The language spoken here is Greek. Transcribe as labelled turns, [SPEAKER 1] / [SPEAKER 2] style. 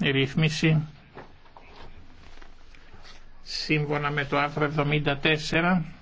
[SPEAKER 1] ρύθμιση σύμφωνα με το άρθρο 74